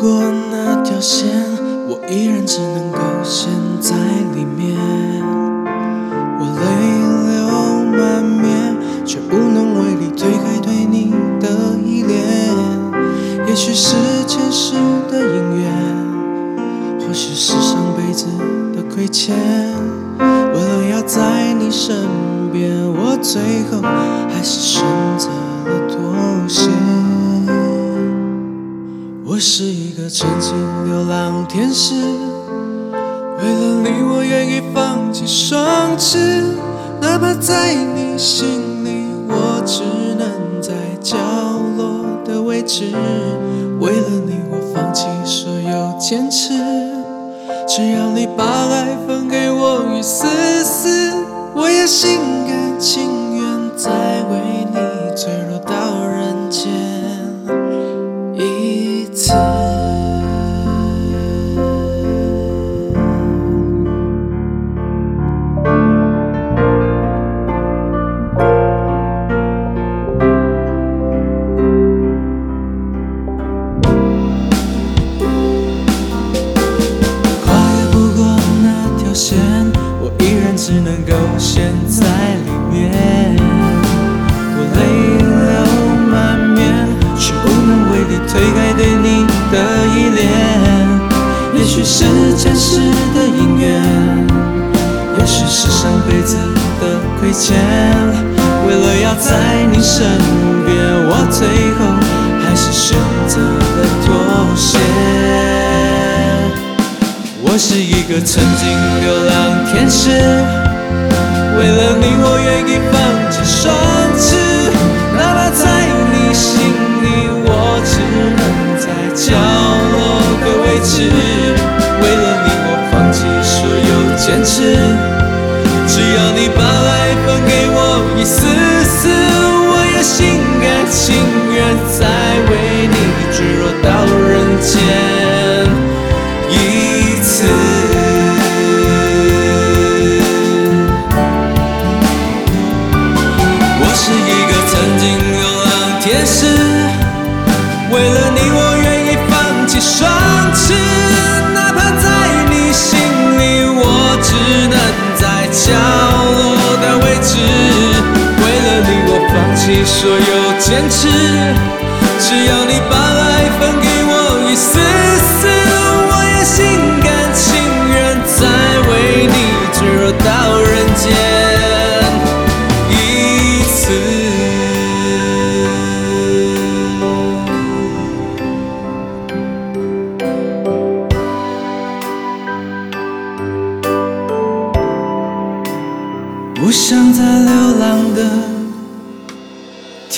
過那條線，我依然只能夠陷在裡面。我淚流滿面，卻無能為力推開對你的依戀。也許是前世的姻緣，或許是上輩子的虧欠。為了要在你身邊，我最後還是。我是一個曾經流浪天使，為了你我願意放棄雙翅，哪怕在你心裡我只能在角落的位置。為了你我放棄所有堅持，只要你把愛分給我一絲絲，我也心甘情願再為你墜。以前，為了要在你身邊，我最後還是選擇了妥協。我是一個曾經流浪天使，為了你我願意放棄雙翅，哪怕在你心裡我只能在角落的位置。為了你我放棄所有堅持，只要你。堅持，只要你把愛分給我一絲絲，我也心甘情願再為你墜落到人間一次。不想再流浪的。